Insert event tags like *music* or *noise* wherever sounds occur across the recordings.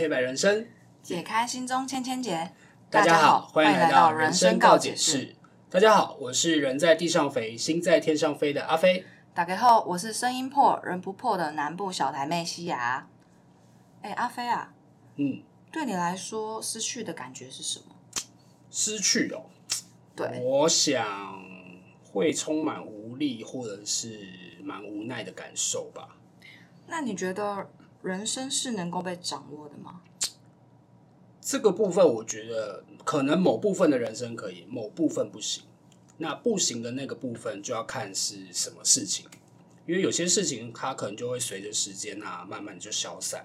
黑白人生，解開心中千千結。大家好，大家好歡迎來到人生告解室。嗯、大家好，我是人在地上飛，心在天上飛的阿飛。打給號，我是聲音破，人不破的南部小台妹西亞。哎，阿飛啊，嗯，對你來說，失去的感覺是什麼？失去哦，對，我想會充滿無力，或者是蠻無奈的感受吧。那你覺得？人生是能夠被掌握的嗎？這個部分，我覺得可能某部分的人生可以，某部分不行。那不行的那個部分，就要看是什麼事情。因為有些事情，它可能就會隨着時間啊，慢慢就消散；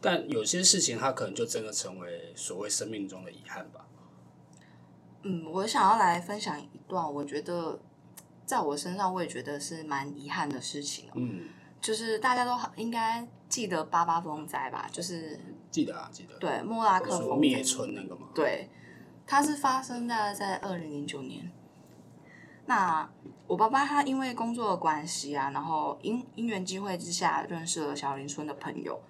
但有些事情，它可能就真的成為所謂生命中的遺憾吧。嗯，我想要來分享一段，我覺得在我身上，我也覺得是蠻遺憾的事情哦。嗯，就是大家都好應該。記得八八風災吧？就是記得啊，記得。對，莫拉克風滅村那個嘛。對，它是發生在在二零零九年。那我爸爸他因為工作的關係啊，然後因因緣機會之下認識了小林村的朋友。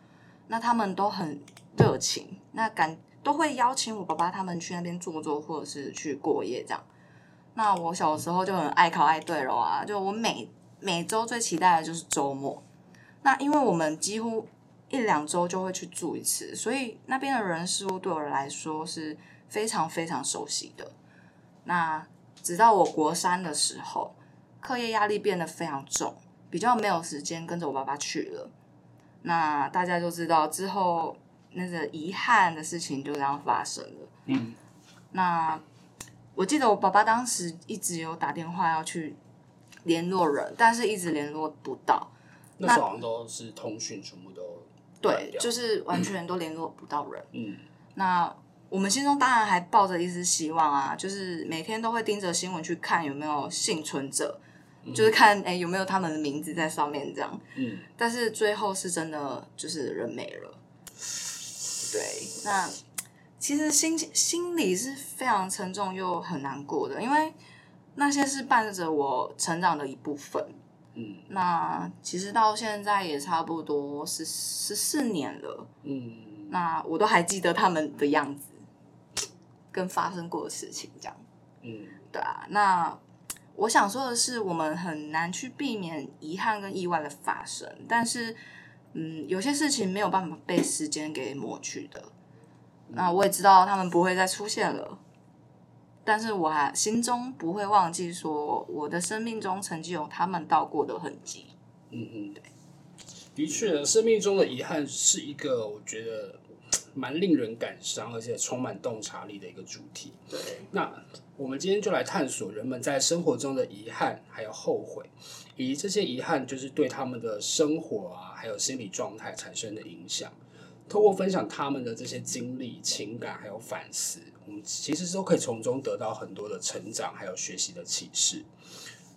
那他們都很熱情，那感都會邀請我爸爸他們去那邊坐坐，或者是去過夜這樣。那我小時候就很愛考愛對了啊，就我每每周最期待的就是周末。那因為我們幾乎一兩周就會去住一次，所以那邊的人事物對我來說是非常非常熟悉的。那直到我國三的時候，課業壓力變得非常重，比較沒有時間跟着我爸爸去了。那大家就知道之後那個遺憾的事情就這樣發生了。嗯。那我記得我爸爸當時一直有打電話要去聯絡人，但是一直聯絡不到。那好像都是通訊，全部都對，就是完全都聯絡不到人。嗯，嗯，那我們心中當然還抱着一絲希望啊，就是每天都會盯着新聞去看有沒有幸存者，嗯、就是看哎、欸、有沒有他們的名字在上面這樣。嗯，但是最後是真的就是人沒了。對，那其實心心裡是非常沉重又很難過的，因為那些是伴着我成長的一部分。那其實到現在也差不多十十四年了，嗯，那我都還記得他們的樣子，跟發生過的事情這樣，嗯，對啊，那我想說的是，我們很難去避免遺憾跟意外的發生，但是，嗯，有些事情沒有辦法被時間給抹去的，嗯，那我也知道他們不會再出現了。但是我還心中不會忘記，說我的生命中曾經有他們到過的痕跡。嗯嗯，對，的確，生命中的遺憾是一個我覺得蠻令人感傷，而且充滿洞察力的一個主題。對，那我們今天就來探索人們在生活中的遺憾，還有後悔，以及這些遺憾就是對他們的生活啊，還有心理狀態產生的影響。通過分享他們的這些經歷、情感，還有反思，我們其實都可以從中得到很多的成長，還有學習的啟示。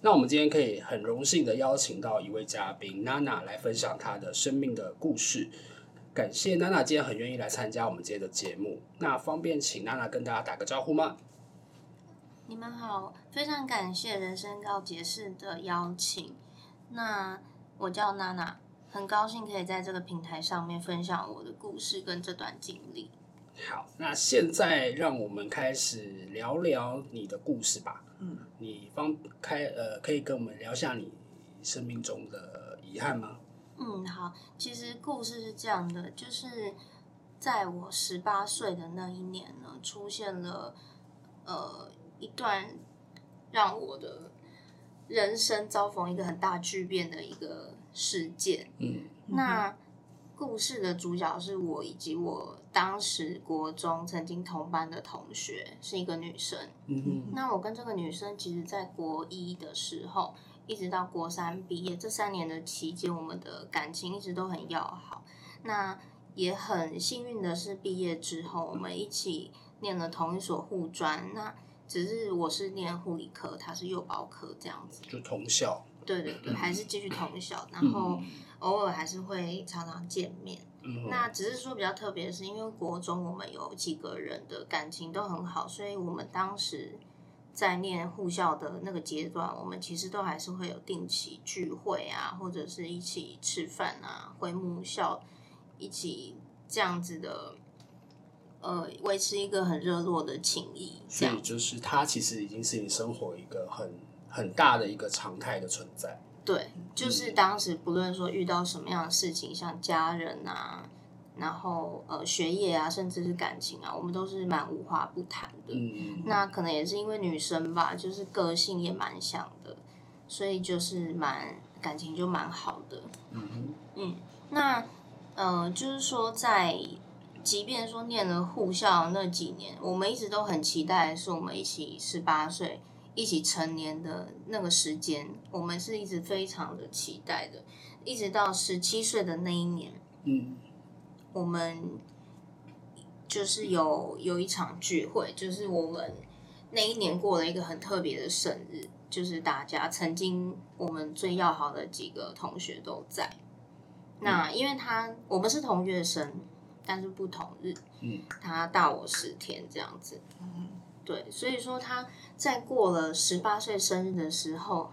那我們今天可以很榮幸地邀請到一位嘉賓娜娜來分享她的生命的故事。感謝娜娜今天很願意來參加我們今天的節目。那方便請娜娜跟大家打個招呼嗎？你們好，非常感謝《人生告別式》的邀請。那我叫娜娜。很高興可以在這個平台上面分享我的故事跟這段經歷。好，那現在讓我們開始聊聊你的故事吧。嗯，你方開呃，可以跟我們聊下你生命中的遺憾嗎？嗯，好。其實故事是這樣的，就是在我十八歲的那一年呢，出現了呃一段讓我的人生遭逢一個很大巨變的一個。事件。嗯，那嗯哼故事的主角是我以及我當時國中曾經同班的同學，是一個女生。嗯哼那我跟這個女生，其實在國一的時候，一直到國三畢業，這三年的期間，我們的感情一直都很要好。那也很幸運的是，畢業之後，我們一起念了同一所護專。那只是我是念護理科，她是幼保科，這樣子就同校。對對對，還是繼續同校，嗯、然後偶爾還是會常常見面。嗯、那只是說比較特別的是，因為國中我們有幾個人的感情都很好，所以我們當時在念護校的那個階段，我們其實都還是會有定期聚會啊，或者是一起吃飯啊，回母校一起這樣子的，呃，維持一個很熱絡的情誼這樣。所以就是，他其實已經是你生活一個很很大的一個常態的存在。對，就是當時不論說遇到什麼樣的事情，像家人啊，然後呃學業啊，甚至是感情啊，我們都是蠻無話不談的。嗯，那可能也是因為女生吧，就是個性也蠻像的，所以就是蠻感情就蠻好的。嗯哼，嗯，那呃，就是說在，即便說念了護校那幾年，我們一直都很期待，是我們一起十八歲。一起成年的那個時間，我們是一直非常的期待的，一直到十七歲的那一年，嗯，我們就是有有一場聚會，就是我們那一年過了一個很特別的生日，就是大家曾經我們最要好的幾個同學都在，嗯、那因為他我們是同月生，但是不同日，嗯，他大我十天這樣子。嗯對，所以說他在過了十八歲生日的時候，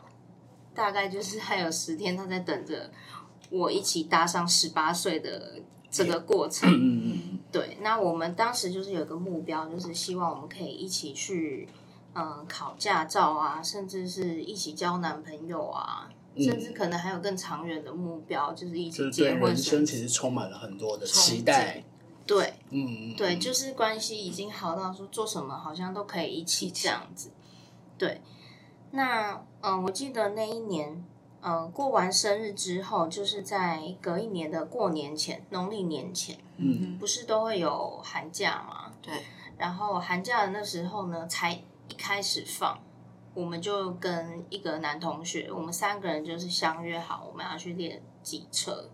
大概就是還有十天，他在等着我一起搭上十八歲的這個過程。嗯、對，那我們當時就是有個目標，就是希望我們可以一起去、嗯，考駕照啊，甚至是一起交男朋友啊，嗯、甚至可能還有更長遠的目標，就是一起結婚。對人生其實充滿了很多的期待。對，嗯，對，就是關係已經好到說做什麼好像都可以一起這樣子。一起。對，那嗯、呃，我記得那一年，呃，過完生日之後，就是在隔一年的過年前，農曆年前，嗯，不是都會有寒假嘛？對。嗯、然後寒假的那時候呢，才一開始放，我們就跟一個男同學，我們三個人就是相約好，我們要去練機車。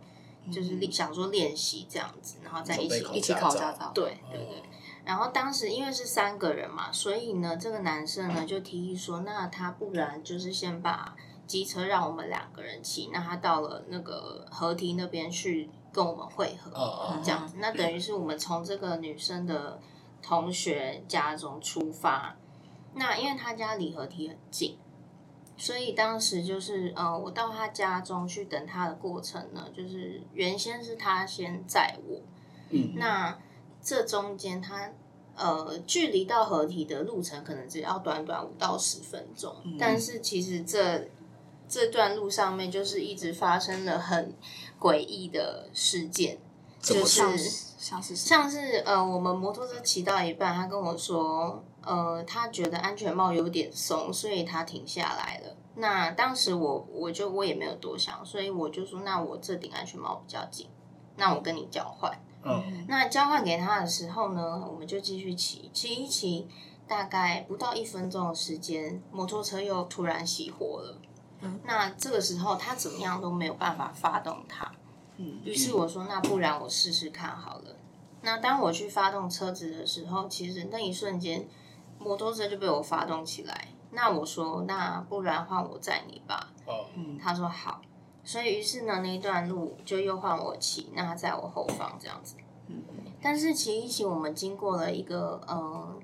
就是練想說練習這樣子，然後再一,一起考駕照。對，嗯、對對對。然後當時因為是三個人嘛，所以呢，這個男生呢就提議說，嗯、那他不然就是先把機車讓我們兩個人騎，那他到了那個河堤那邊去跟我們會合，嗯、這樣。那等於是我們從這個女生的同學家中出發，那因為他家離河堤很近。所以當時就是，呃，我到他家中去等他的過程呢，就是原先是他先載我。嗯哼。那這中間他，呃，距離到合體的路程可能只要短短五到十分鐘，嗯、哼但是其實這這段路上面就是一直發生了很詭異的事件，麼就是像是像是呃，我們摩托車騎到一半，他跟我說。呃，他覺得安全帽有點鬆，所以他停下來了。那當時我我就我也沒有多想，所以我就說，那我這頂安全帽比較緊，那我跟你交換。嗯，那交換給他的時候呢，我們就繼續騎，騎一騎，大概不到一分鐘的時間，摩托車又突然熄火了。嗯，那這個時候他怎麼樣都沒有辦法發動它。嗯，於是我說，那不然我試試看好了。那當我去發動車子的時候，其實那一瞬間，摩托車就被我發動起來。那我說，那不然換我載你吧。哦、oh，嗯，他說好。所以於是呢，那一段路就又換我騎，那他在我後方這樣子。嗯，嗯。但是騎一騎，我們經過了一個嗯，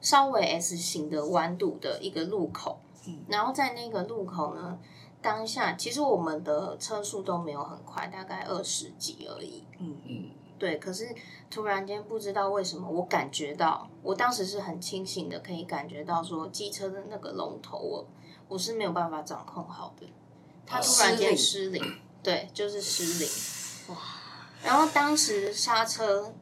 稍微 S 型的彎度的一個路口。嗯。然後在那個路口呢，當下其實我們的車速都沒有很快，大概二十幾而已。嗯，嗯。對，可是突然間不知道為什麼，我感覺到我當時是很清醒的，可以感覺到說機車的那個龍頭我，我我是沒有辦法掌控好的，它突然間失靈，呃、失靈對，就是失靈，哇！然後當時剎車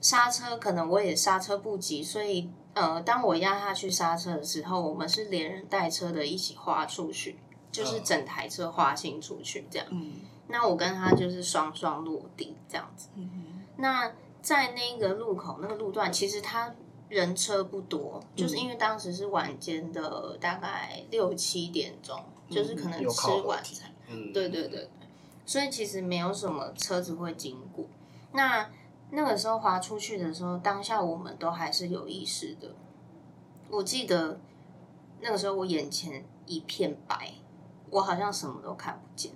剎車可能我也剎車不及，所以呃，當我壓下去剎車的時候，我們是連人帶車的一起滑出去，就是整台車滑行出去這樣。嗯那我跟他就是雙雙落地這樣子。嗯哼。那在那個路口，那個路段，其實他人車不多，嗯、就是因為當時是晚間的大概六七點鐘，嗯、就是可能吃晚餐，嗯嗯、對對對對，所以其實沒有什麼車子會經過。那那個時候滑出去的時候，當下我們都還是有意識的。我記得那個時候我眼前一片白，我好像什麼都看不見。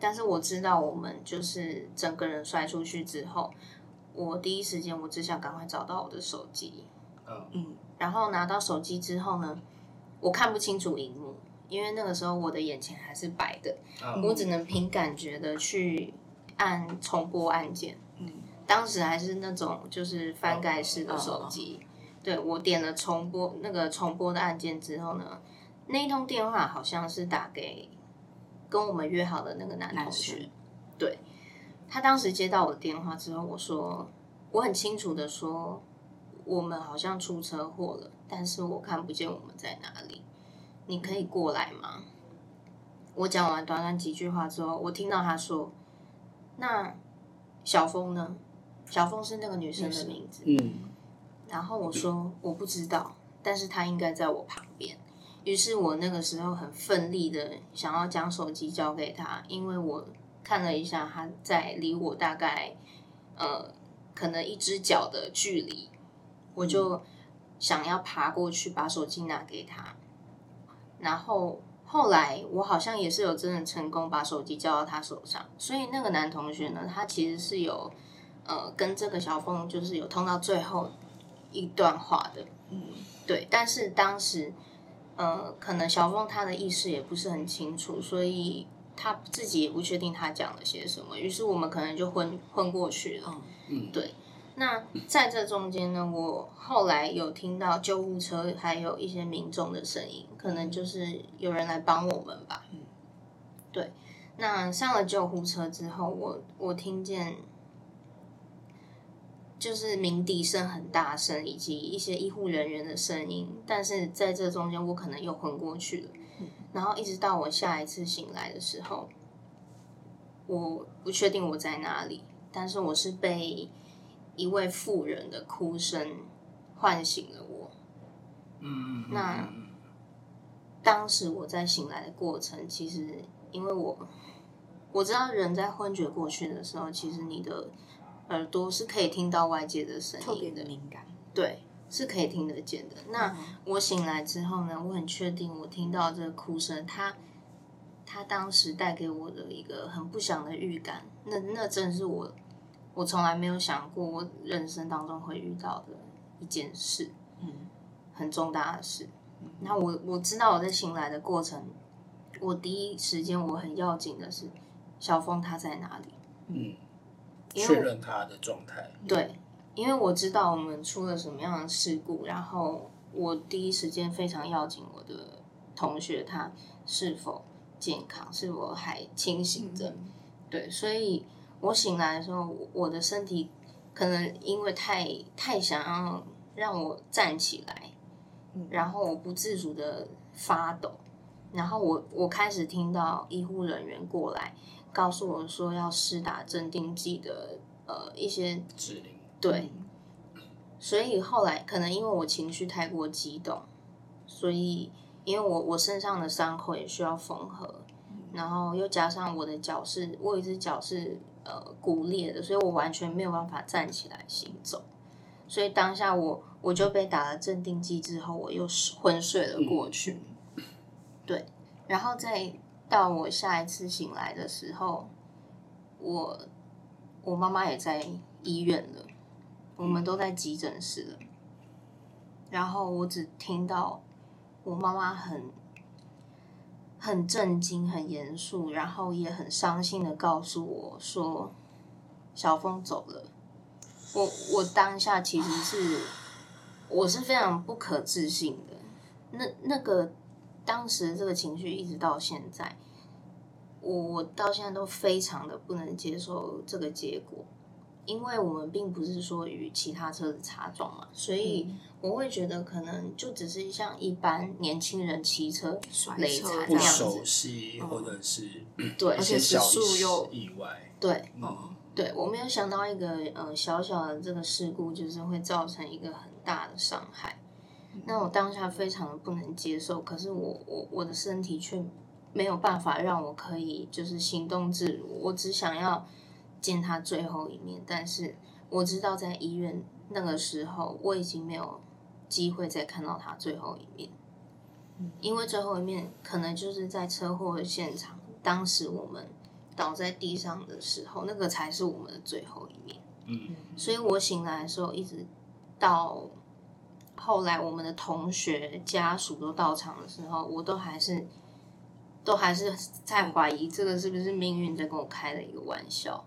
但是我知道，我們就是整個人摔出去之後，我第一時間我只想趕快找到我的手機。嗯，然後拿到手機之後呢，我看不清楚熒幕，因為那個時候我的眼前還是白的，嗯、我只能憑感覺的去按重播按鍵。嗯，當時還是那種就是翻蓋式的手機，哦哦、對，我點了重播那個重播的按鍵之後呢，那一通電話好像是打給。跟我們約好的那個男同學，生對，他當時接到我的電話之後，我說，我很清楚的說，我們好像出車禍了，但是我看不見我們在哪裡，你可以過來嗎？我講完短短幾句話之後，我聽到他說，那小峰呢？小峰是那個女生的名字，嗯，然後我說、嗯、我不知道，但是她應該在我旁邊。於是我那個時候很奮力的想要將手機交給他，因為我看了一下，他在離我大概呃可能一隻腳的距離，我就想要爬過去把手機拿給他。然後後來我好像也是有真的成功把手機交到他手上，所以那個男同學呢，他其實是有呃跟這個小鳳就是有通到最後一段話的，嗯，對，但是當時。呃，可能小鳳他的意識也不是很清楚，所以他自己也不確定他講了些什麼。於是我們可能就昏昏過去了。嗯，對。那在這中間呢，我後來有聽到救護車還有一些民眾的聲音，可能就是有人來幫我們吧。嗯，對。那上了救護車之後，我我聽見。就是鳴笛聲很大聲，以及一些醫護人員的聲音，但是在這中間，我可能又昏過去了。嗯，然後一直到我下一次醒來的時候，我不確定我在哪裡，但是我是被一位婦人的哭聲喚醒了我。嗯，那嗯當時我在醒來的過程，其實因為我我知道人在昏厥過去的時候，其實你的。耳朵是可以聽到外界的聲音的，特別的敏感，對，是可以聽得見的。嗯、那我醒來之後呢，我很確定我聽到這個哭聲，他他、嗯、當時帶給我的一個很不祥的預感，那那正是我我從來沒有想過我人生當中會遇到的一件事，嗯，很重大的事。嗯、那我我知道我在醒來的過程，我第一時間我很要緊的是小峰他在哪裡？嗯。確認他的狀態。對，因為我知道我們出了什麼樣的事故，然後我第一時間非常要緊我的同學他是否健康，是否還清醒着。對，所以我醒來的時候，我的身體可能因為太太想要讓我站起來，然後我不自主的發抖，然後我我開始聽到醫護人員過來。告訴我說要施打鎮定劑的呃一些指令，對，所以後來可能因為我情緒太過激動，所以因為我我身上的傷口也需要縫合，然後又加上我的腳是，我一只腳是呃骨裂的，所以我完全沒有辦法站起來行走，所以當下我我就被打了鎮定劑之後，我又昏睡了過去，對，然後再。到我下一次醒來的時候，我我媽媽也在醫院了，我們都在急診室了。嗯、然後我只聽到我媽媽很很震驚、很嚴肅，然後也很傷心的告訴我說：“小峰走了。”我我當下其實是我是非常不可置信的。那那個。當時這個情緒一直到現在，我我到現在都非常的不能接受這個結果，因為我們並不是說與其他車子擦撞嘛，所以我會覺得可能就只是像一般年輕人騎車摔殘這樣子，或者是、嗯嗯、對，而且小事又意外，嗯、對，對，我沒有想到一個呃小小的這個事故就是會造成一個很大的傷害。那我當下非常的不能接受，可是我我我的身體卻沒有辦法讓我可以就是行動自如。我只想要見他最後一面，但是我知道在醫院那個時候，我已經沒有機會再看到他最後一面。嗯，因為最後一面可能就是在車禍的現場，當時我們倒在地上的時候，那個才是我們的最後一面。嗯，所以我醒來的時候一直到。後來我們的同學家屬都到場的時候，我都還是，都還是在懷疑這個是不是命運在跟我開了一個玩笑。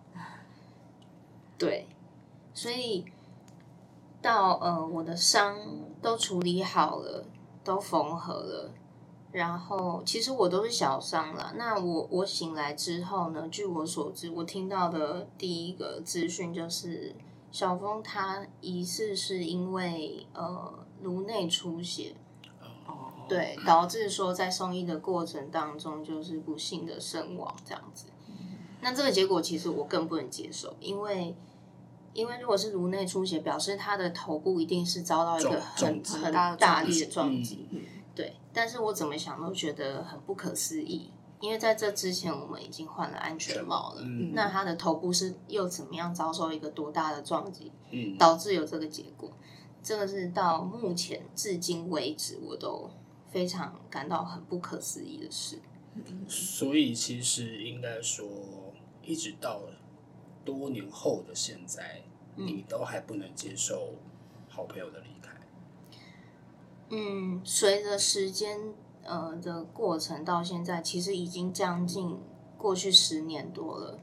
對，所以到呃我的傷都處理好了，都縫合了，然後其實我都是小傷了。那我我醒來之後呢，據我所知，我聽到的第一個資訊就是小峰他疑似是因為呃。顱內出血，哦，oh, okay. 對，導致說在送醫的過程當中，就是不幸的身亡這樣子。那這個結果其實我更不能接受，因為因為如果是顱內出血，表示他的頭部一定是遭到一個很很大力的撞擊，嗯、對。但是我怎麼想都覺得很不可思議，嗯、因為在這之前我們已經換了安全帽了，嗯、那他的頭部是又怎麼樣遭受一個多大的撞擊，嗯、導致有這個結果？這個是到目前至今為止，我都非常感到很不可思議的事。所以，其實應該說，一直到多年後的現在，你都還不能接受好朋友的離開。嗯，隨着時間呃的過程到現在，其實已經將近過去十年多了。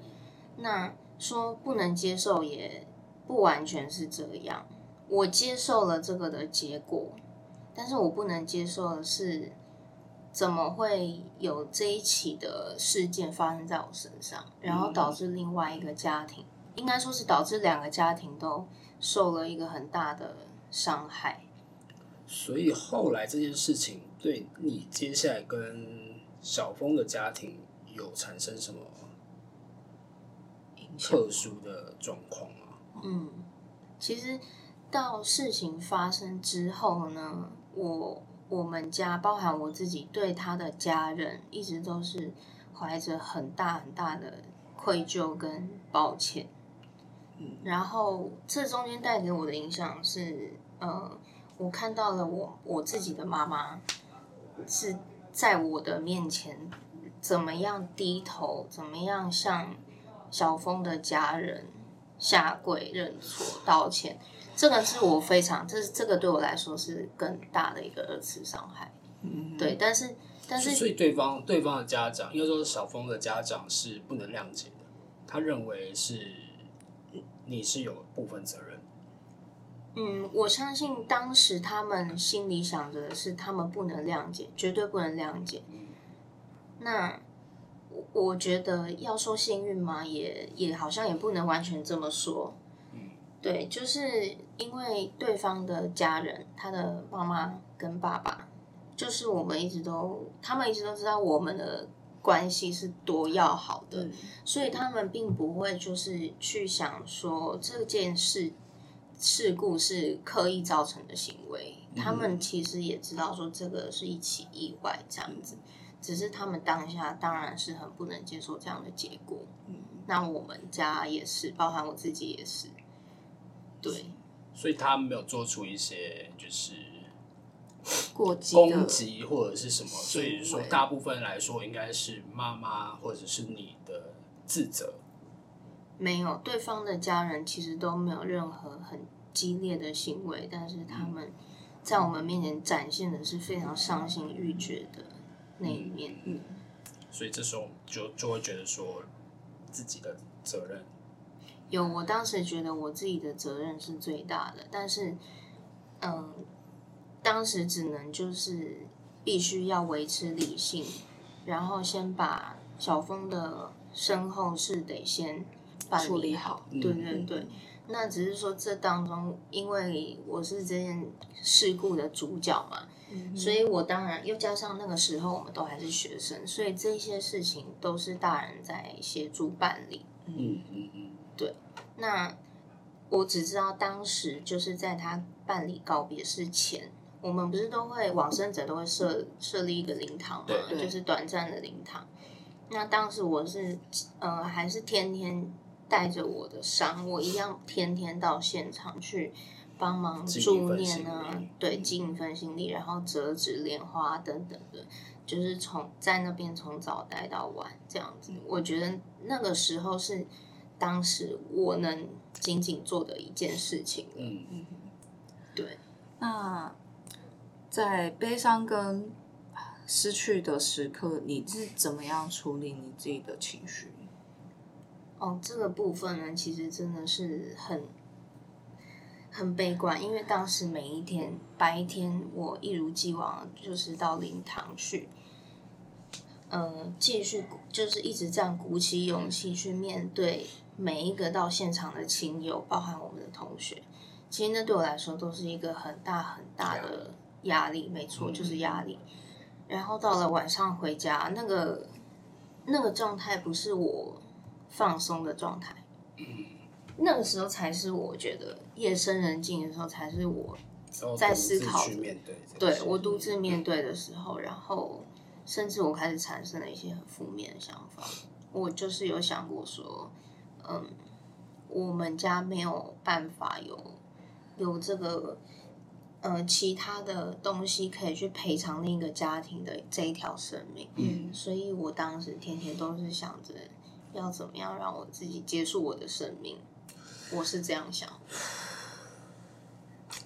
那說不能接受，也不完全是這樣。我接受了這個的結果，但是我不能接受的是，怎麼會有這一起的事件發生在我身上，然後導致另外一個家庭，嗯，應該說是導致兩個家庭都受了一個很大的傷害。所以後來這件事情對你接下來跟小峰的家庭有產生什麼影響？特殊的狀況啊？嗎？嗯，其實。到事情發生之後呢，我我們家包含我自己對他的家人一直都是懷着很大很大的愧疚跟抱歉。然後這中間帶給我的影響是，呃，我看到了我我自己的媽媽是在我的面前怎麼樣低頭，怎麼樣向小峰的家人下跪認錯道歉。這個是我非常，這這個對我來說是更大的一個二次傷害。嗯、對，但是但是，所以對方對方的家長，又說是小峰的家長是不能諒解的，他認為是你是有部分責任。嗯，我相信當時他們心裡想着的是他們不能諒解，絕對不能諒解。那我覺得要說幸運嘛，也也好像也不能完全這麼說。對，就是因為對方的家人，他的媽媽跟爸爸，就是我們一直都，他們一直都知道我們的關係是多要好的，嗯，所以他們並不會就是去想說這件事事故是刻意造成的行為，嗯，他們其實也知道說這個是一起意外這樣子，只是他們當下當然是很不能接受這樣的結果，嗯，那我們家也是，包含我自己也是。對，所以他沒有做出一些就是攻擊或者是什麼，所以說大部分來說應該是媽媽或者是你的自責？沒有，對方的家人其實都沒有任何很激烈的行為，但是他們在我們面前展現的是非常傷心欲絕的那一面。嗯，所以這時候就就會覺得說自己的責任。有，我當時覺得我自己的責任是最大的，但是，嗯，當時只能就是必須要維持理性，然後先把小峰的身後事得先辦理處理好，對對對。嗯、哼那只是說這當中，因為我是這件事故的主角嘛，嗯哼，所以我當然又加上那個時候我們都還是學生，所以這些事情都是大人在協助辦理，嗯嗯。對，那我只知道當時就是在他辦理告別式前，我們不是都會往生者都會設、嗯、設立一個靈堂嘛，嗯、就是短暫的靈堂。嗯、那當時我是呃還是天天帶着我的傷，我一樣天天到現場去幫忙助念啊，對，盡一份心力，然後折紙蓮花等等的，就是從在那邊從早待到晚這樣子。我覺得那個時候是，當時我能僅僅做的一件事情。嗯嗯，對。那在悲傷跟失去的時刻，你是怎麼樣處理你自己的情緒？哦，這個部分呢，其實真的是很很悲觀，因為當時每一天白天，我一如既往就是到靈堂去，呃，繼續就是一直這樣鼓起勇氣去面對。每一個到現場的親友，包含我們的同學，其實那對我來說都是一個很大很大的壓力。壓力。沒錯，嗯、就是壓力。然後到了晚上回家，那個那個狀態不是我放鬆的狀態。嗯、那個時候才是我覺得夜深人靜的時候，才是我在思考的，面對，、這個、對我獨自面對的時候。然後甚至我開始產生了一些很負面的想法。嗯、我就是有想過說。嗯，我們家沒有辦法有有這個，呃，其他的東西可以去賠償另一個家庭的這一條生命，嗯嗯。所以我當時天天都是想着要怎麼樣讓我自己結束我的生命。我是這樣想，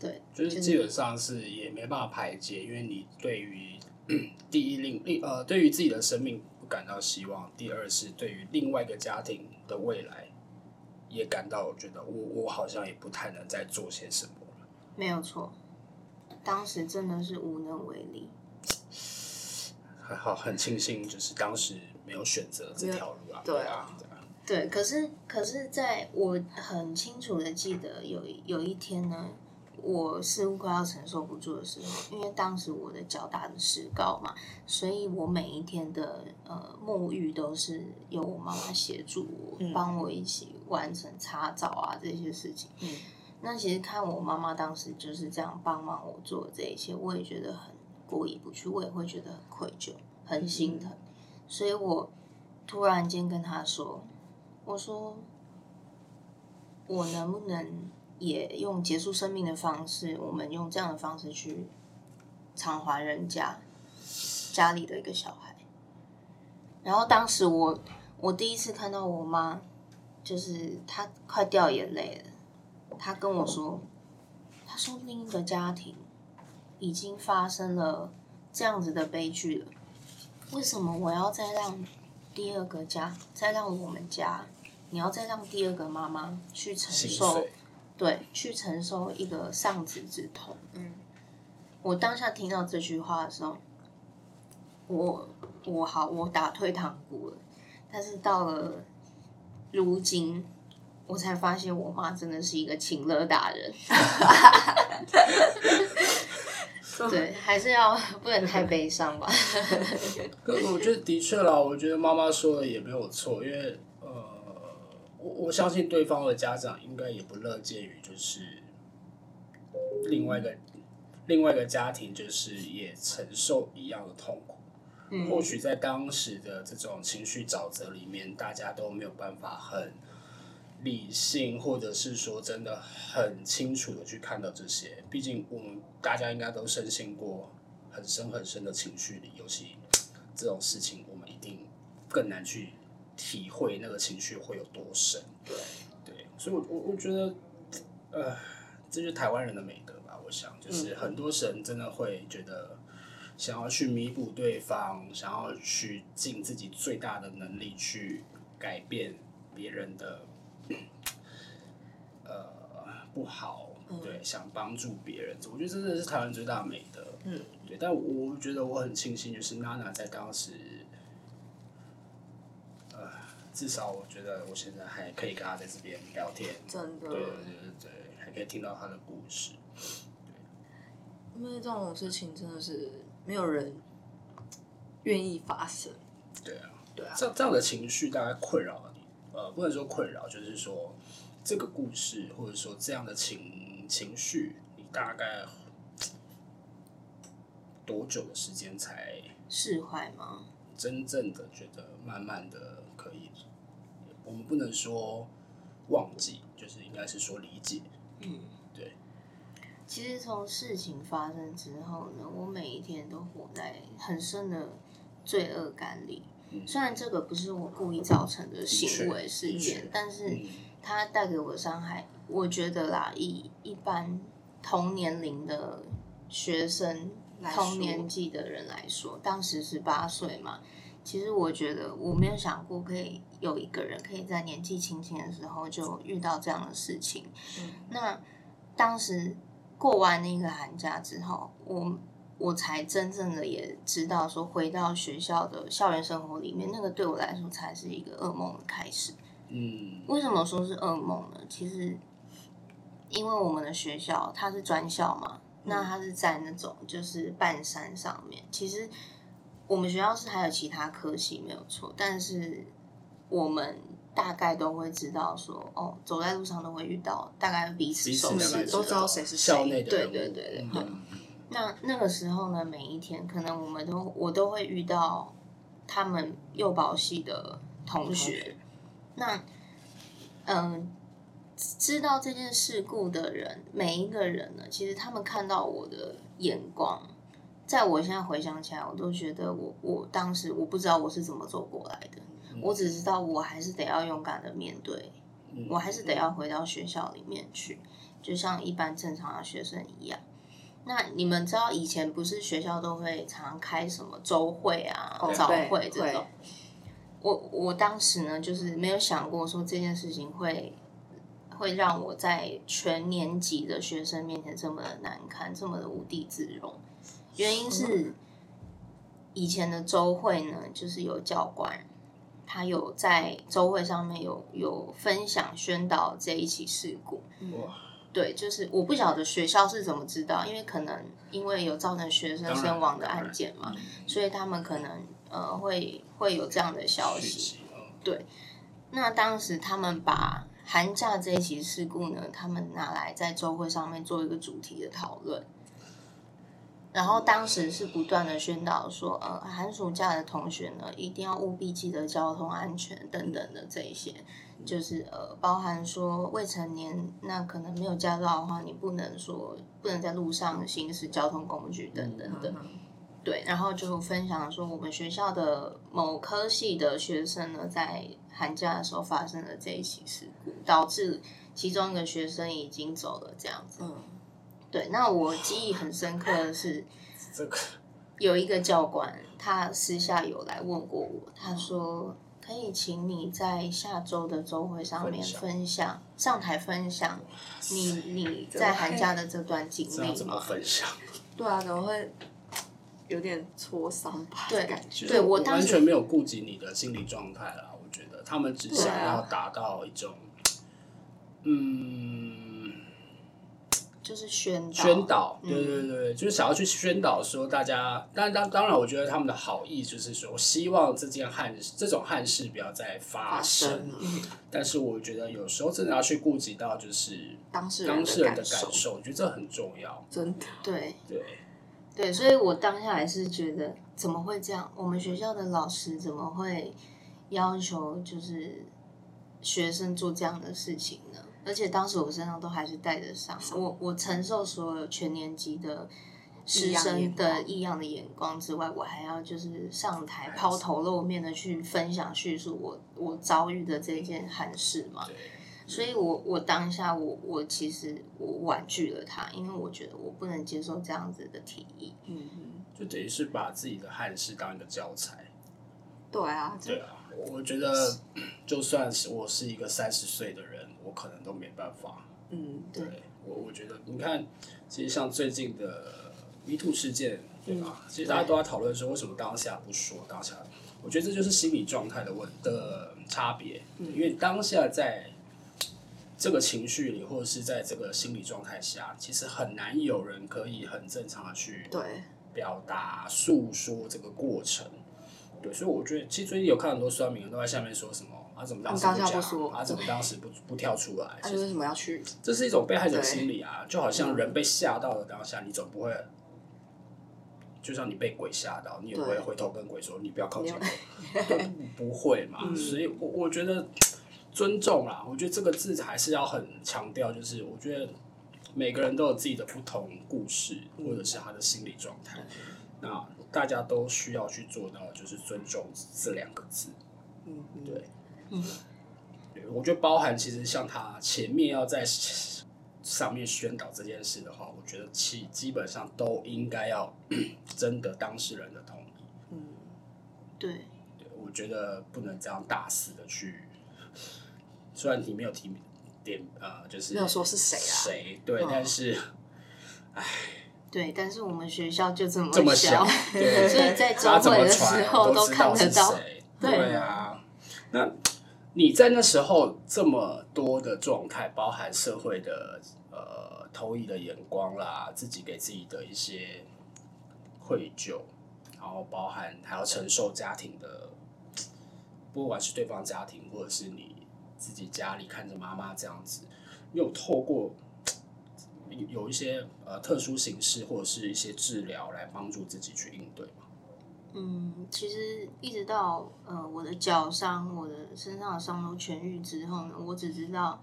對，所以基本上是也沒辦法排解，因為你對於，嗯，第一令，另呃，對於自己的生命，我感到希望。第二是對於另外一個家庭的未來，也感到我覺得我我好像也不太能再做些什麼了。沒有錯，當時真的是無能為力。還好，很慶幸就是當時沒有選擇這條路啊。對，對啊，對，可是，可是在我很清楚的記得有有一天呢，我似乎快要承受不住的時候，因為當時我的腳打的石膏嘛，所以我每一天的呃沐浴，都是由我媽媽協助我，幫我一起完成擦澡啊這些事情。嗯、那其實看我媽媽當時就是這樣幫忙我做這些，我也覺得很過意不去，我也會覺得很愧疚，很心疼。嗯、所以我突然間跟她說，我說我能不能？也用結束生命的方式，我們用這樣的方式去償還人家家裡的一個小孩。然後當時我我第一次看到我媽，就是她快掉眼淚了，她跟我說：“她說另一個家庭已經發生了這樣子的悲劇了，為什麼我要再讓第二個家，再讓我們家，你要再讓第二個媽媽去承受？”對，去承受一個喪子之痛。嗯，我當下聽到這句話的時候，我我好，我打退堂鼓了。但是到了如今，我才發現我媽真的是一個情勒達人。對，還是要不能太悲傷吧。 *laughs* 我覺得的確啦，我覺得媽媽說的也沒有錯，因為。我相信對方的家長應該也不樂見於就是另外一個另外一個家庭就是也承受一樣的痛苦。或許在當時的這種情緒沼澤裡面，大家都沒有辦法很理性，或者是說真的很清楚的去看到這些。畢竟我們大家應該都深陷過很深很深的情緒裡，尤其這種事情，我們一定更難去。體會那個情緒會有多深，對對，所以我我我覺得，呃，這就是台灣人的美德吧。我想，就是很多人真的會覺得，想要去彌補對方，想要去盡自己最大的能力去改變別人的，呃、不好，對，想幫助別人，嗯、我覺得真的是台灣最大的美德。嗯，對，但我覺得我很慶幸，就是娜娜在當時。至少我覺得我現在還可以跟他在這邊聊天，真的，對對對，還可以聽到他的故事，對，因為這種事情真的是沒有人願意發生。對啊，對啊，這樣這樣的情緒大概困擾了你？呃，不能說困擾，就是說這個故事或者說這樣的情情緒，你大概多久的時間才釋懷嗎？真正的覺得慢慢的，我們不能說忘記，就是應該是說理解。嗯，對。其實從事情發生之後呢，我每一天都活在很深的罪惡感裡。嗯、雖然這個不是我故意造成的行為事件，但是它帶給我的傷害，嗯、我覺得啦，一一般同年齡的學生、說同年紀的人來說，當時十八歲嘛。其實我覺得我沒有想過，可以有一個人可以在年紀輕輕的時候就遇到這樣的事情。嗯，那當時過完那個寒假之後，我我才真正的也知道，說回到學校的校園生活裡面，那個對我來說才是一個噩夢的開始。嗯，為什麼說是噩夢呢？其實因為我們的學校它是專校嘛，那它是在那種就是半山上面，其實。我們學校是還有其他科系沒有錯，但是我們大概都會知道說，哦，走在路上都會遇到，大概彼此都都知道誰是誰。校內的對對對對。嗯、哼那那個時候呢，每一天可能我們都我都會遇到他們幼保系的同學。嗯哼那嗯，知道這件事故的人，每一個人呢，其實他們看到我的眼光。在我現在回想起來，我都覺得我我當時我不知道我是怎麼走過來的。嗯、我只知道我還是得要勇敢的面對，嗯、我還是得要回到學校裡面去，就像一般正常的學生一樣。那你們知道以前不是學校都會常常開什麼週會啊、早對會這種？我我當時呢，就是沒有想過說這件事情會會讓我在全年級的學生面前這麼的難堪，這麼的無地自容。原因是以前的週會呢，就是有教官，他有在週會上面有有分享宣導這一起事故哇、嗯。對，就是我不曉得學校是怎麼知道，因為可能因為有造成學生身亡的案件嘛，嗯、所以他們可能呃會會有這樣的消息。對，那當時他們把寒假這一起事故呢，他們拿來在週會上面做一個主題的討論。然後當時是不斷的宣導說，呃，寒暑假的同學呢，一定要務必記得交通安全等等的這一些，嗯、就是呃，包含說未成年那可能沒有駕照的話，你不能說不能在路上行駛交通工具等等的，嗯嗯嗯、對。然後就分享說，我們學校的某科系的學生呢，在寒假的時候發生了這一起事故，導致其中一個學生已經走了這樣子。嗯對，那我記憶很深刻的是，這個、有一個教官，他私下有來問過我，他說可以請你在下周的周會上面分享，分享上台分享你是你在寒假的這段經歷嗎？怎麼分享？ *laughs* 對啊，怎麼會有點挫傷吧？感覺對，對我當時完全沒有顧及你的心理狀態啦，我覺得他們只想要達到一種，啊、嗯。就是宣導，宣導，對對對、嗯、就是想要去宣導說大家，當當當然我覺得他們的好意就是說，我希望這件憾，這種憾事不要再發生。發生嗯、但是我覺得有時候真的要去顧及到就是當事人當事人的感受，我、嗯、覺得這很重要，真的。對對對，所以我當下還是覺得，怎麼會這樣？我們學校的老師怎麼會要求就是學生做這樣的事情呢？而且當時我身上都還是帶着傷，是我我承受所有全年級的師生的異樣的眼光之外，我還要就是上台拋頭露面的去分享敘述我我遭遇的這一件憾事嘛。對所以我，我我當下我我其實我婉拒了他，因為我覺得我不能接受這樣子的提議。嗯，就等於是把自己的憾事當一個教材。對啊，對啊，我覺得就算是我是一個三十歲的人。可能都沒辦法。嗯，對，對，我我覺得，你看，其實像最近的 MeToo 事件，對吧？嗯、對，其實大家都在討論說，為什麼當下不說當下？我覺得這就是心理狀態的問的差別。嗯、因為當下在這個情緒裡，或者是在這個心理狀態下，其實很難有人可以很正常的去對表達訴說這個過程。對，對，所以我覺得，其實最近有看很多酸民都在下面說什麼。啊，怎麼當時不講？啊，怎麼當時不不跳出來？他就是為什麼要去？這是一種被害者心理啊，就好像人被嚇到的當下，你總不會，就像你被鬼嚇到，你也不會回頭跟鬼說你不要靠近我，不會嘛？所以，我我覺得尊重啦，我覺得這個字還是要很強調，就是我覺得每個人都有自己的不同故事，或者是他的心理狀態，那大家都需要去做到，就是尊重這兩個字。嗯，對。嗯，我覺得包含其實像他前面要在上面宣導這件事的話，我覺得其基本上都應該要徵得當事人的同意。嗯，對,對，我覺得不能這樣大肆的去。雖然你沒有提點，呃，就是沒有說是誰啊，誰對，哇但是，哎，對，但是我們學校就這麼小，所以在周會的時候都看得到，對啊。對你在那時候這麼多的狀態，包含社會的呃投以的眼光啦，自己給自己的一些愧疚，然後包含還要承受家庭的，不，不管是對方家庭，或者是你自己家裡看着媽媽這樣子，又透過有一些呃特殊形式或者是一些治療來幫助自己去應對。嗯，其實一直到呃我的腳傷、我的身上的傷都痊癒之後呢，我只知道，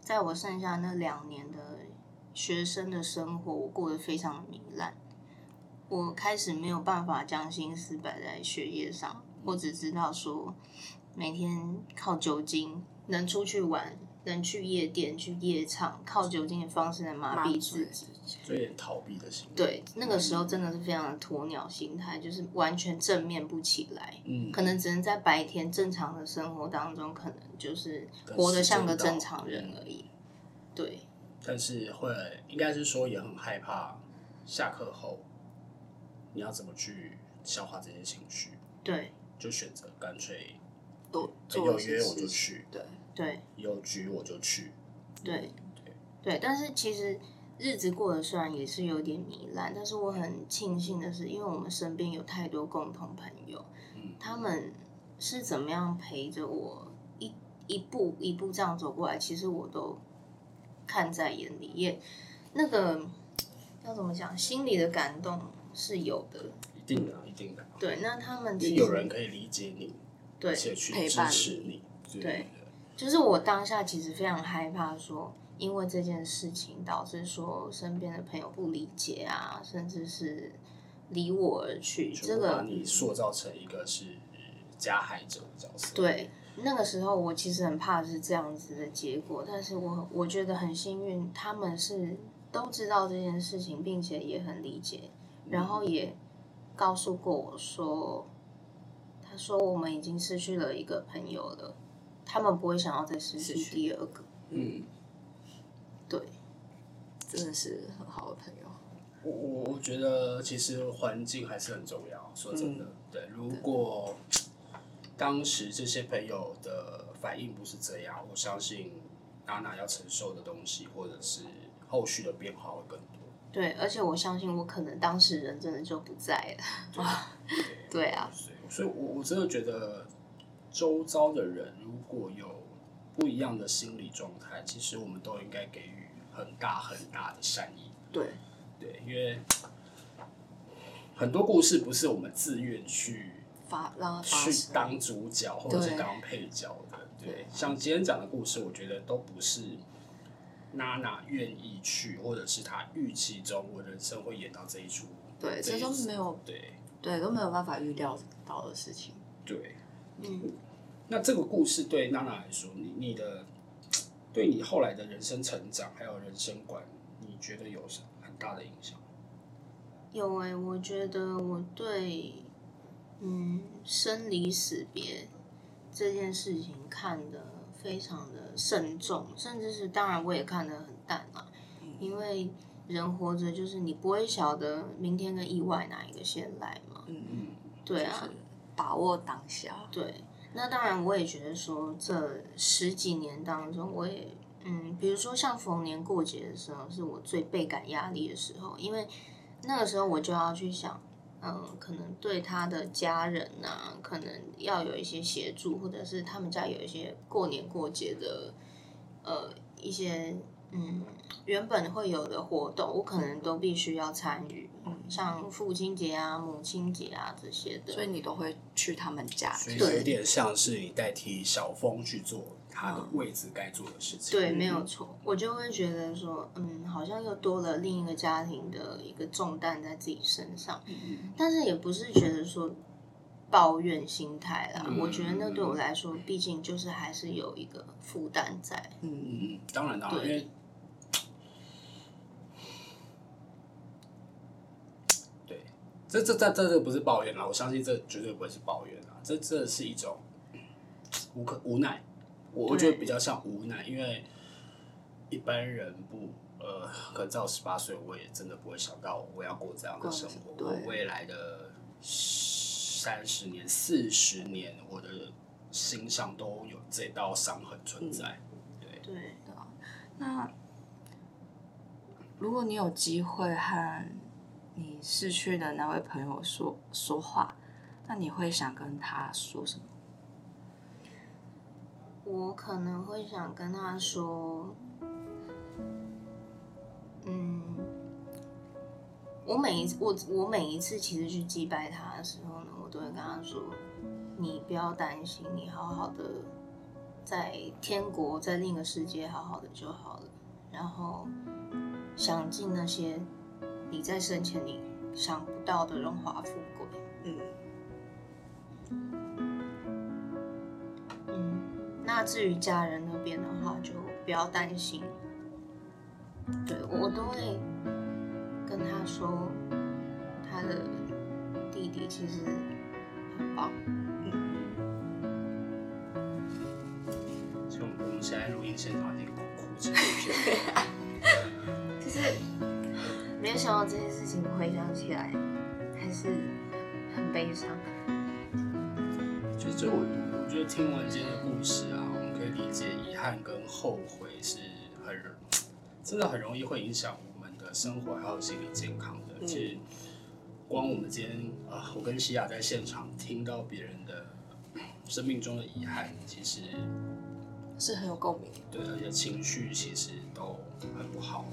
在我剩下那兩年的學生的生活，我過得非常的糜爛。我開始沒有辦法將心思擺在學業上，我只知道說，每天靠酒精能出去玩。能去夜店、去夜場，靠酒精的方式來麻痹自己，逃避的心，對，那個時候真的是非常的鴕鳥心態，嗯、就是完全正面不起來。嗯，可能只能在白天正常的生活當中，可能就是活得像個正常人而已。是對。但是會，應該是說也很害怕，下課後你要怎麼去消化這些情緒？對，就選擇乾脆，有約多呦我就去。對。對，有局我就去。對，對，對。但是其實日子過得雖然也是有點糜爛，但是我很慶幸的是，因為我們身邊有太多共同朋友，嗯、他們是怎麼樣陪着我一一步一步這樣走過來，其實我都看在眼裡。也那個要怎麼講，心裡的感動是有的，一定的，一定的。對，那他們其實有人可以理解你，對，而且去陪伴支持你，對。就是我當下其實非常害怕說，說因為這件事情導致說身邊的朋友不理解啊，甚至是離我而去。這個你塑造成一個是加害者的，對，那個時候我其實很怕是這樣子的結果，但是我我覺得很幸運，他們是都知道這件事情，並且也很理解，然後也告訴過我說，他說，我們已經失去了一個朋友了。他們不會想要再失去第二個。嗯，嗯對，真的是很好的朋友。我我我覺得其實環境還是很重要。說真的，嗯、對，如果對當時這些朋友的反應不是這樣，我相信娜娜要承受的東西，或者是後續的變化會更多。對，而且我相信我可能當時人真的就不在了。對，對， *laughs* 對啊，所以我我真的覺得。周遭的人如果有不一樣的心理狀態，其實我們都應該給予很大很大的善意。對對，因為很多故事不是我們自願去發讓他發去當主角或者是當配角的。對，對像今天講的故事，我覺得都不是娜娜願意去，或者是她預期中我的人生會演到這一出。對，這都是沒有對對都沒有辦法預料到的事情。對。嗯，那這個故事對娜娜來說，你你的，對你後來的人生成長還有人生觀，你覺得有什麼很大的影響？有為、欸、我覺得我對，嗯，生離死別這件事情看得非常的慎重，甚至是當然我也看得很淡，啊嗯、因為人活着就是你不會曉得明天跟意外哪一個先來嘛，嗯嗯，對啊。是是把握當下。對，那當然，我也覺得說，這十幾年當中，我也嗯，比如說像逢年過節的時候，是我最倍感壓力的時候，因為那個時候我就要去想，嗯，可能對他的家人吶，可能要有一些協助，或者是他們家有一些過年過節的，呃，一些。嗯，原本會有的活動，我可能都必須要參與。嗯，像父親節啊、母親節啊這些的，所以你都會去他們家，對，所以有點像是你代替小峰去做他的位置該做的事情。嗯，對，沒有錯。我就會覺得說，嗯，好像又多了另一個家庭的一個重擔在自己身上。嗯，但是也不是覺得說抱怨心態啦。嗯，我覺得那對我來說，嗯，畢竟就是還是有一個負擔在。嗯嗯嗯，當然的，對因這這這這個不是抱怨了，我相信這絕對不會是抱怨啊，這真的是一種、嗯、無可無奈，我我覺得比較像無奈，對因為一般人不呃，可能在我十八歲，我也真的不會想到我要過這樣的生活，我未來的三十年、四十年，我的心上都有這道傷痕存在，嗯、對對的。那如果你有機會和你逝去的那位朋友說說話，那你會想跟他說什麼？我可能會想跟他說，嗯，我每一次我我每一次其實去祭拜他的時候呢，我都會跟他說，你不要擔心，你好好的在天國在另一個世界好好的就好了，然後想盡那些。你在生前你想不到的榮華富貴，嗯，嗯，那至於家人那邊的話，就不要擔心，對，我都會跟他說，他的弟弟其實很棒，嗯。就我們現在錄音現場已經哭成一片，可、 *laughs* 就是。沒想到這件事情回想起來還是很悲傷。其實我，我覺得聽完這些故事啊，我們可以理解遺憾跟後悔是很真的，很容易會影響我們的生活還有心理健康的，而且、嗯、光我們今天啊，我跟西雅在現場聽到別人的生命中的遺憾，其實。是很有共鳴，對，而且情緒其實都很不好，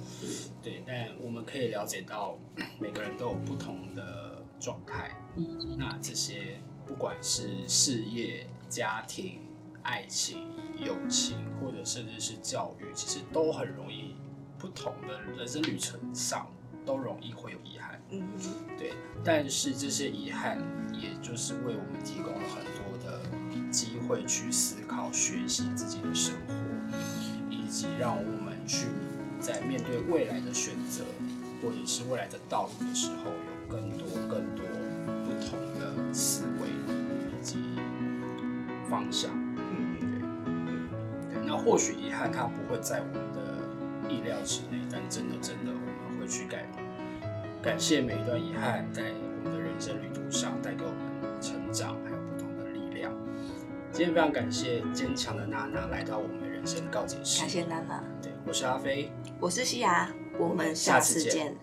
對，對。但我們可以了解到，每個人都有不同的狀態。嗯，那這些不管是事業、家庭、愛情、友情，或者甚至是教育，其實都很容易，不同的人生旅程上都容易會有遺憾。嗯，對。但是這些遺憾，也就是為我們提供了很多。機會去思考、學習自己的生活，以及讓我們去在面對未來的選擇，或者是未來的道路的時候，有更多、更多不同的思維以及方向。嗯。對，那或許遺憾它不會在我們的意料之內，但真的、真的，我們會去改。感謝每一段遺憾，在我們的人生旅途上，帶給我們成長。今天非常感謝堅強的娜娜來到我們人生告解室。感謝娜娜，對，我是阿飛，我是西雅，我們下次見。